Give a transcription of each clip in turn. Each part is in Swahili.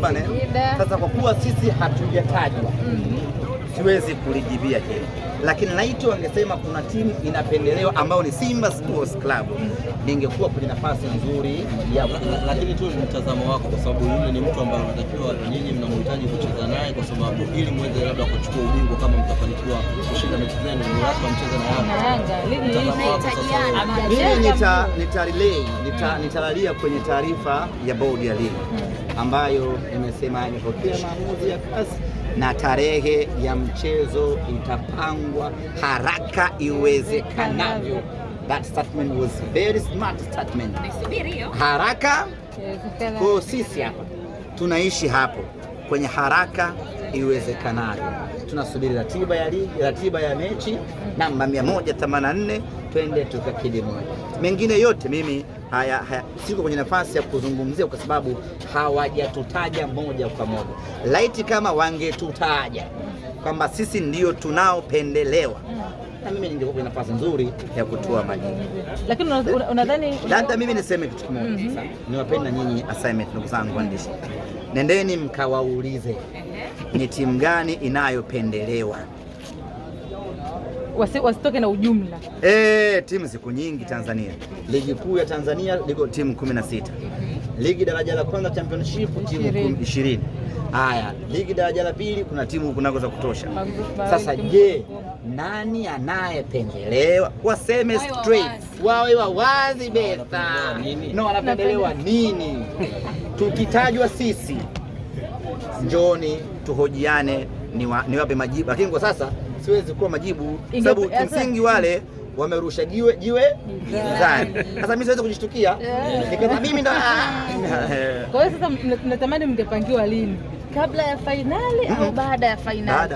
bane. Eh? Sasa kwa kuwa sisi hatujatajwa mm -hmm. siwezi kulijibia hilo, lakini laiti wangesema kuna timu inapendelewa ambayo ni Simba Sports Club ningekuwa kwenye nafasi nzuri ya lakini tu ni mtazamo wako, kwa sababu yule ni mtu ambaye anatakiwa nyinyi mnamhitaji kucheza naye, kwa sababu ili muweze labda kuchukua ubingwa kama mtafanikiwa kushinda mechi zenu, ni lazima mcheze na Yanga. Mimi nita nitarelay nitalalia kwenye taarifa ya bodi ya ligi hmm ambayo imesema imepokea maamuzi ya CAS na tarehe ya mchezo itapangwa haraka iwezekanavyo. That statement was very smart statement. Haraka, eh, kwa sisi hapa tunaishi hapo kwenye haraka iwezekanavyo. Tunasubiri ratiba ya ligi, ratiba ya mechi namba 184 twende moja. Mengine yote mimi haya, haya siko kwenye nafasi ya kuzungumzia kwa sababu hawajatutaja moja kwa moja. Laiti kama wangetutaja kwamba sisi ndio tunaopendelewa na mimi ningekuwa kwenye nafasi nzuri ya kutoa majibu. Lakini unadhani dada, mimi niseme kitu kimoja, -hmm. Niwapenda nyinyi assignment, ndugu zangu waandishi, nendeni mkawaulize ni timu gani inayopendelewa, wasitoke na ujumla. E, timu siku nyingi Tanzania. Ligi kuu ya Tanzania liko timu 16, ligi daraja la kwanza championship timu 20. Haya, ligi daraja la pili kuna timu kunako za kutosha. Sasa je, nani anayependelewa? Waseme straight, wawe wawazi besa, no, anapendelewa nini? Tukitajwa sisi njoni tuhojiane, niwape majibu, lakini kwa sasa siwezi kuwa majibu sababu kimsingi wale wamerusha jiwe jiwe gizani. Sasa mimi siwezi kujishtukia, nikaza mimi ndo. Kwa hiyo sasa mnatamani mngepangiwa lini, kabla ya fainali au baada ya fainali?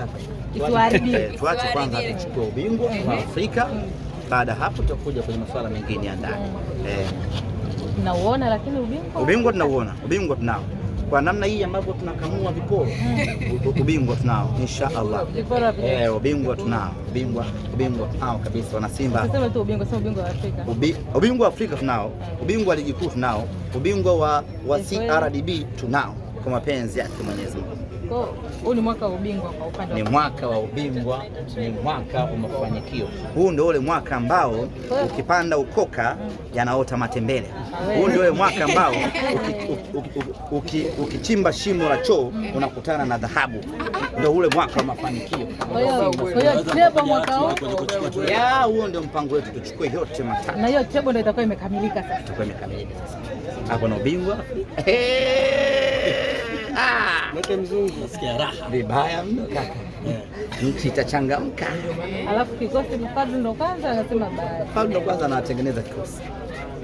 Tuache kwanza tuchukue ubingwa wa mm-hmm. Afrika, mm-hmm. baada hapo tutakuja kwenye masuala mengine ya ndani. Mm. Eh. Tunauona, lakini ubingwa ubingwa tunauona, ubingwa tunao kwa namna hii ambavyo tunakamua viporo ubingwa tunao insha Allah. Eh, ubingwa tunao ubingwa ubingwa tunao kabisa, wana Simba. Sasa tu ubingwa, sio ubingwa wa Afrika, ubingwa wa Afrika tunao, ubingwa wa ligi kuu tunao, ubingwa wa CRDB tunao, kwa mapenzi yake Mwenyezi Mungu. Huu ni mwaka wa ubingwa kwa upande ni mwaka wa ubingwa, ni mwaka wa mafanikio. Huu ndio ule mwaka ambao ukipanda ukoka yanaota matembele. Huu ndio ule mwaka ambao ukichimba shimo la choo unakutana na dhahabu. Ndio ule mwaka wa mafanikio. Ya, huo ndio mpango wetu, tuchukue yote matatu. Na hiyo tebo ndio itakuwa imekamilika sasa. Itakuwa imekamilika sasa. Hapo na ubingwa Mwete mzungu. Nasikia raha. Vibaya mno kaka. Eh. Nchi itachangamka. Alafu kikosi Fadlu ndo kwanza anasema baya. Fadlu ndo kwanza anatengeneza kikosi.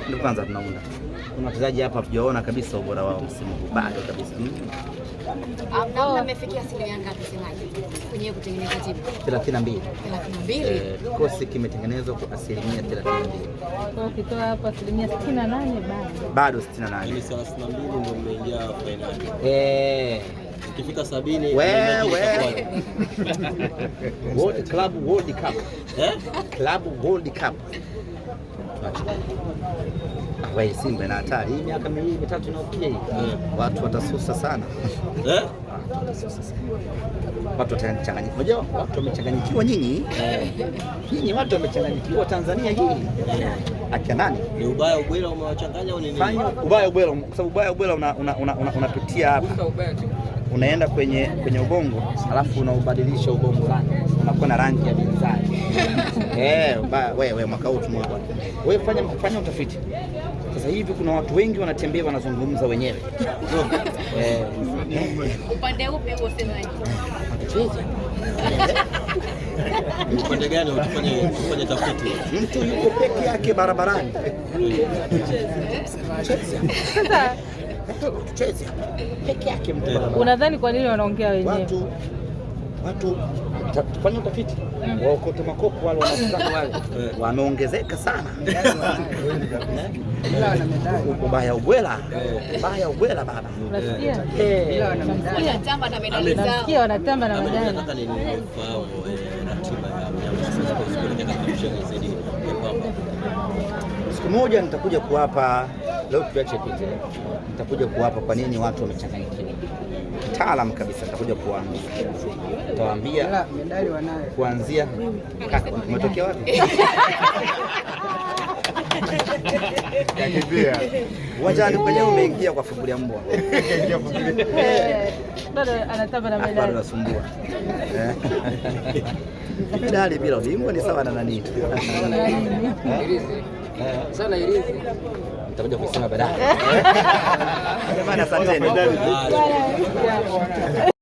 Ndo kwanza tunaona. Kuna wachezaji hapa hatujaona kabisa ubora wao msimu huu bado kabisa. Mm. Hapo mmefikia asilimia ngapi semaji? kutengeneza tiba 32. 32. Eh, kikosi kimetengenezwa kwa asilimia 32. Kwa kitoa hapa asilimia 68 bado. Bado 68. Ni 32 ndio mmeingia finali. Eh. Ukifika sabini World Club World Cup. Eh? Club World Cup. Simba na hatari. Hii miaka miwili mitatu inayokuja hii. Eh. Watu watasusa sana. Eh? watu watachanganyikiwa. Unajua watu wamechanganyikiwa, nyinyi nyinyi watu wamechanganyikiwa. Tanzania hii akia nani, ni ubaya ubwela umewachanganya au nini? Fanya ubaya ubwela, kwa sababu ubaya ubwela unapitia una, una, una hapa unaenda kwenye kwenye ubongo alafu unaubadilisha ubongo unakuwa na rangi ya binzani. Eh, wewe mwaka huu tumwa wewe, fanya fanya utafiti sasa hivi kuna watu wengi wanatembea wanazungumza wenyewe upande upi huo Upande gani? Tufanye tafiti. Mtu yuko peke yake barabarani, tucheze peke yake. Eh. Unadhani kwa nini wanaongea wenyewe? watu tufanye utafiti waokote makopo wale wale wameongezeka sana ubaya ubwela ubaya ubwela baba wanatamba na majani siku moja nitakuja kuwapa leo tuache nitakuja kuwapa kwa nini watu wamechanganyikiwa kitaalam kabisa nitakuja kuwaambia, nitawaambia kuanzia umetokea wapi uwanjani kwenyewe umeingia kwa funguli ya mbwa anasumbua eh. medali bila ubingwa ni sawa na nani Eh, sana ilizi. Nitakuja kusema baadaye. Jamani asanteni.